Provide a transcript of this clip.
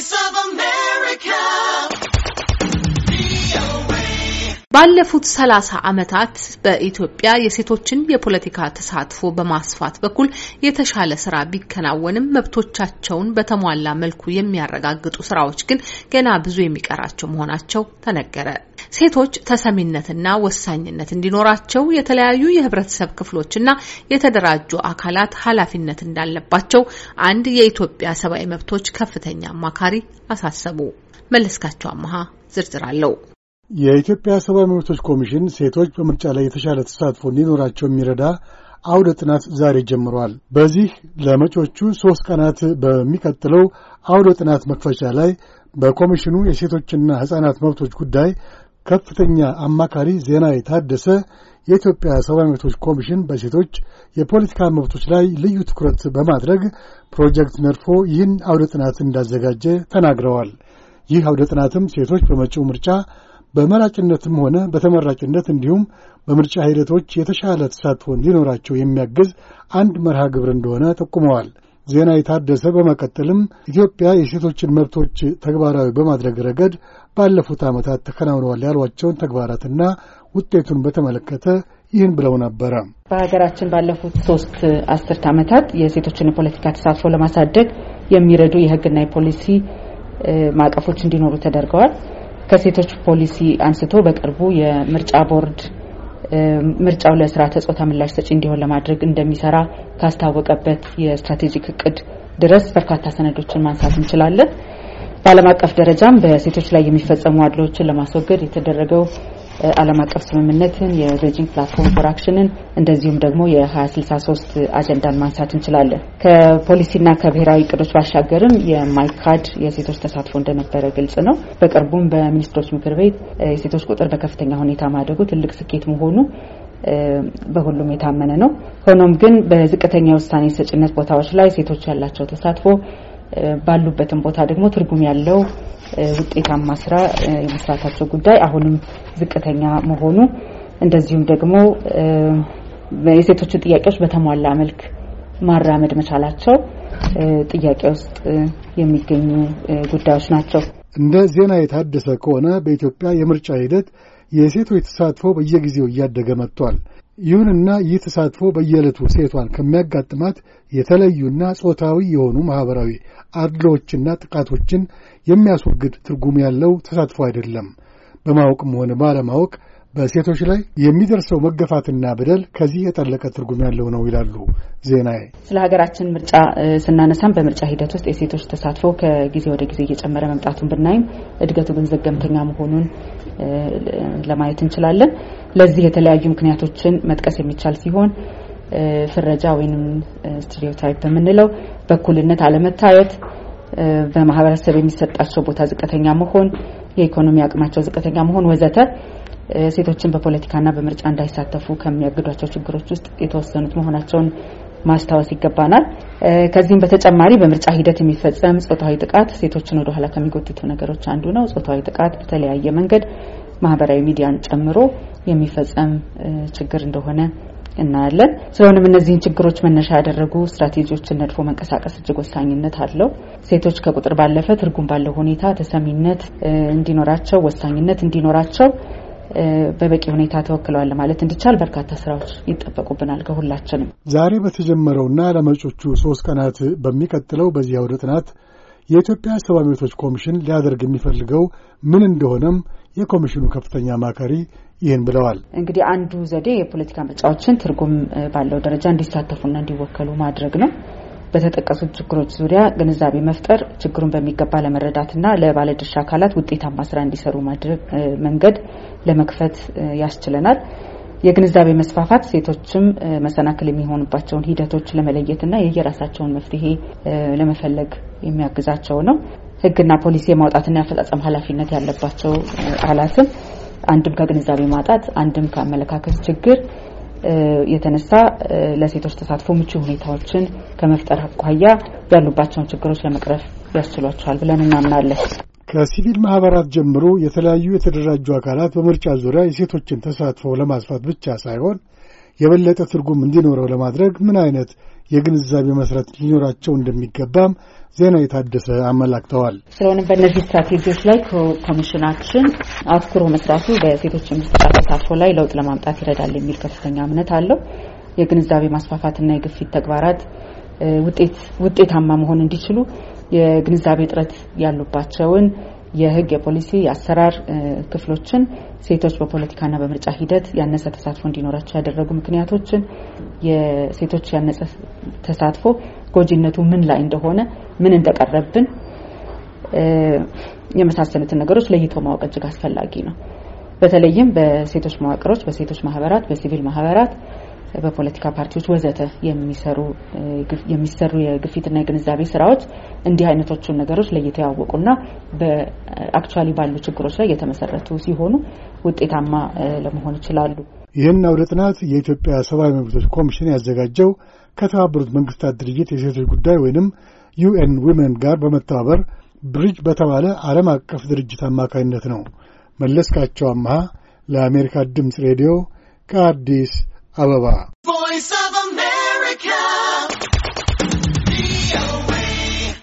Voice of America. ባለፉት ሰላሳ ዓመታት በኢትዮጵያ የሴቶችን የፖለቲካ ተሳትፎ በማስፋት በኩል የተሻለ ስራ ቢከናወንም መብቶቻቸውን በተሟላ መልኩ የሚያረጋግጡ ስራዎች ግን ገና ብዙ የሚቀራቸው መሆናቸው ተነገረ። ሴቶች ተሰሚነትና ወሳኝነት እንዲኖራቸው የተለያዩ የህብረተሰብ ክፍሎችና የተደራጁ አካላት ኃላፊነት እንዳለባቸው አንድ የኢትዮጵያ ሰብአዊ መብቶች ከፍተኛ አማካሪ አሳሰቡ። መለስካቸው አመሃ ዝርዝር አለው። የኢትዮጵያ ሰብአዊ መብቶች ኮሚሽን ሴቶች በምርጫ ላይ የተሻለ ተሳትፎ እንዲኖራቸው የሚረዳ አውደ ጥናት ዛሬ ጀምሯል። በዚህ ለመጪዎቹ ሦስት ቀናት በሚቀጥለው አውደ ጥናት መክፈቻ ላይ በኮሚሽኑ የሴቶችና ሕፃናት መብቶች ጉዳይ ከፍተኛ አማካሪ ዜና የታደሰ የኢትዮጵያ ሰብአዊ መብቶች ኮሚሽን በሴቶች የፖለቲካ መብቶች ላይ ልዩ ትኩረት በማድረግ ፕሮጀክት ነድፎ ይህን አውደ ጥናት እንዳዘጋጀ ተናግረዋል። ይህ አውደ ጥናትም ሴቶች በመጪው ምርጫ በመራጭነትም ሆነ በተመራጭነት እንዲሁም በምርጫ ሂደቶች የተሻለ ተሳትፎ እንዲኖራቸው የሚያግዝ አንድ መርሃ ግብር እንደሆነ ጠቁመዋል። ዜና የታደሰ በመቀጠልም ኢትዮጵያ የሴቶችን መብቶች ተግባራዊ በማድረግ ረገድ ባለፉት ዓመታት ተከናውነዋል ያሏቸውን ተግባራትና ውጤቱን በተመለከተ ይህን ብለው ነበረ። በሀገራችን ባለፉት ሶስት አስርት ዓመታት የሴቶችን የፖለቲካ ተሳትፎ ለማሳደግ የሚረዱ የሕግና የፖሊሲ ማዕቀፎች እንዲኖሩ ተደርገዋል። ከሴቶች ፖሊሲ አንስቶ በቅርቡ የምርጫ ቦርድ ምርጫው ለስራ ጾታ ምላሽ ሰጪ እንዲሆን ለማድረግ እንደሚሰራ ካስታወቀበት የስትራቴጂክ እቅድ ድረስ በርካታ ሰነዶችን ማንሳት እንችላለን። በዓለም አቀፍ ደረጃም በሴቶች ላይ የሚፈጸሙ አድሎችን ለማስወገድ የተደረገው ዓለም አቀፍ ስምምነትን የቤጂንግ ፕላትፎርም ፎር አክሽንን እንደዚሁም ደግሞ የ2063 አጀንዳን ማንሳት እንችላለን። ከፖሊሲና ከብሔራዊ እቅዶች ባሻገርም የማይካድ የሴቶች ተሳትፎ እንደነበረ ግልጽ ነው። በቅርቡም በሚኒስትሮች ምክር ቤት የሴቶች ቁጥር በከፍተኛ ሁኔታ ማደጉ ትልቅ ስኬት መሆኑ በሁሉም የታመነ ነው። ሆኖም ግን በዝቅተኛ የውሳኔ ሰጭነት ቦታዎች ላይ ሴቶች ያላቸው ተሳትፎ ባሉበትም ቦታ ደግሞ ትርጉም ያለው ውጤታማ ስራ የመስራታቸው ጉዳይ አሁንም ዝቅተኛ መሆኑ እንደዚሁም ደግሞ የሴቶችን ጥያቄዎች በተሟላ መልክ ማራመድ መቻላቸው ጥያቄ ውስጥ የሚገኙ ጉዳዮች ናቸው። እንደ ዜና የታደሰ ከሆነ በኢትዮጵያ የምርጫ ሂደት የሴቶች ተሳትፎ በየጊዜው እያደገ መጥቷል። ይሁንና ይህ ተሳትፎ በየዕለቱ ሴቷን ከሚያጋጥማት የተለዩና ጾታዊ የሆኑ ማኅበራዊ አድሎዎችና ጥቃቶችን የሚያስወግድ ትርጉም ያለው ተሳትፎ አይደለም። በማወቅም ሆነ ባለማወቅ በሴቶች ላይ የሚደርሰው መገፋትና በደል ከዚህ የጠለቀ ትርጉም ያለው ነው ይላሉ ዜናዬ። ስለ ሀገራችን ምርጫ ስናነሳም በምርጫ ሂደት ውስጥ የሴቶች ተሳትፎ ከጊዜ ወደ ጊዜ እየጨመረ መምጣቱን ብናይም እድገቱ ግን ዘገምተኛ መሆኑን ለማየት እንችላለን። ለዚህ የተለያዩ ምክንያቶችን መጥቀስ የሚቻል ሲሆን ፍረጃ ወይም ስቴሪዮታይፕ በምንለው በእኩልነት አለመታየት በማህበረሰብ የሚሰጣቸው ቦታ ዝቅተኛ መሆን፣ የኢኮኖሚ አቅማቸው ዝቅተኛ መሆን ወዘተ ሴቶችን በፖለቲካና በምርጫ እንዳይሳተፉ ከሚያግዷቸው ችግሮች ውስጥ የተወሰኑት መሆናቸውን ማስታወስ ይገባናል። ከዚህም በተጨማሪ በምርጫ ሂደት የሚፈጸም ጾታዊ ጥቃት ሴቶችን ወደ ኋላ ከሚጎትቱ ነገሮች አንዱ ነው። ጾታዊ ጥቃት በተለያየ መንገድ ማህበራዊ ሚዲያን ጨምሮ የሚፈጸም ችግር እንደሆነ እናያለን። ስለሆነም እነዚህን ችግሮች መነሻ ያደረጉ ስትራቴጂዎችን ነድፎ መንቀሳቀስ እጅግ ወሳኝነት አለው። ሴቶች ከቁጥር ባለፈ ትርጉም ባለው ሁኔታ ተሰሚነት እንዲኖራቸው፣ ወሳኝነት እንዲኖራቸው በበቂ ሁኔታ ተወክለዋል ማለት እንዲቻል በርካታ ስራዎች ይጠበቁብናል ከሁላችንም። ዛሬ በተጀመረውና ለመጮቹ ሶስት ቀናት በሚቀጥለው በዚህ አውደ ጥናት የኢትዮጵያ ሰብአዊ መብቶች ኮሚሽን ሊያደርግ የሚፈልገው ምን እንደሆነም የኮሚሽኑ ከፍተኛ አማካሪ ይህን ብለዋል። እንግዲህ አንዱ ዘዴ የፖለቲካ ምርጫዎችን ትርጉም ባለው ደረጃ እንዲሳተፉና እንዲወከሉ ማድረግ ነው። በተጠቀሱት ችግሮች ዙሪያ ግንዛቤ መፍጠር፣ ችግሩን በሚገባ ለመረዳትና ለባለድርሻ አካላት ውጤታማ ስራ እንዲሰሩ ማድረግ መንገድ ለመክፈት ያስችለናል። የግንዛቤ መስፋፋት ሴቶችም መሰናክል የሚሆኑባቸውን ሂደቶች ለመለየትና የየራሳቸውን መፍትሄ ለመፈለግ የሚያግዛቸው ነው። ህግና ፖሊሲ የማውጣትና የአፈጻጸም ኃላፊነት ያለባቸው አካላትም አንድም ከግንዛቤ ማጣት አንድም ከአመለካከት ችግር የተነሳ ለሴቶች ተሳትፎ ምቹ ሁኔታዎችን ከመፍጠር አኳያ ያሉባቸውን ችግሮች ለመቅረፍ ያስችሏቸዋል ብለን እናምናለን። ከሲቪል ማህበራት ጀምሮ የተለያዩ የተደራጁ አካላት በምርጫ ዙሪያ የሴቶችን ተሳትፎ ለማስፋት ብቻ ሳይሆን የበለጠ ትርጉም እንዲኖረው ለማድረግ ምን አይነት የግንዛቤ መስረት ሊኖራቸው እንደሚገባም ዜና የታደሰ አመላክተዋል። ስለሆነም በእነዚህ ስትራቴጂዎች ላይ ኮሚሽናችን አትኩሮ መስራቱ በሴቶች የምስራ ተሳትፎ ላይ ለውጥ ለማምጣት ይረዳል የሚል ከፍተኛ እምነት አለው። የግንዛቤ ማስፋፋትና የግፊት ተግባራት ውጤታማ መሆን እንዲችሉ የግንዛቤ እጥረት ያሉባቸውን የህግ፣ የፖሊሲ፣ የአሰራር ክፍሎችን ሴቶች በፖለቲካና በምርጫ ሂደት ያነሰ ተሳትፎ እንዲኖራቸው ያደረጉ ምክንያቶችን፣ የሴቶች ያነሰ ተሳትፎ ጎጂነቱ ምን ላይ እንደሆነ ምን እንደቀረብን የመሳሰሉትን ነገሮች ለይቶ ማወቅ እጅግ አስፈላጊ ነው። በተለይም በሴቶች መዋቅሮች፣ በሴቶች ማህበራት፣ በሲቪል ማህበራት በፖለቲካ ፓርቲዎች ወዘተ የሚሰሩ የሚሰሩ የግፊትና የግንዛቤ ስራዎች እንዲህ አይነቶቹን ነገሮች ለይተው ያወቁና በአክቹዋሊ ባሉ ችግሮች ላይ የተመሰረቱ ሲሆኑ ውጤታማ ለመሆን ይችላሉ። ይህን አውደ ጥናት የኢትዮጵያ ሰብአዊ መብቶች ኮሚሽን ያዘጋጀው ከተባበሩት መንግስታት ድርጅት የሴቶች ጉዳይ ወይንም ዩኤን ዊመን ጋር በመተባበር ብሪጅ በተባለ ዓለም አቀፍ ድርጅት አማካኝነት ነው። መለስካቸው አምሃ ለአሜሪካ ድምፅ ሬዲዮ ከአዲስ አበባ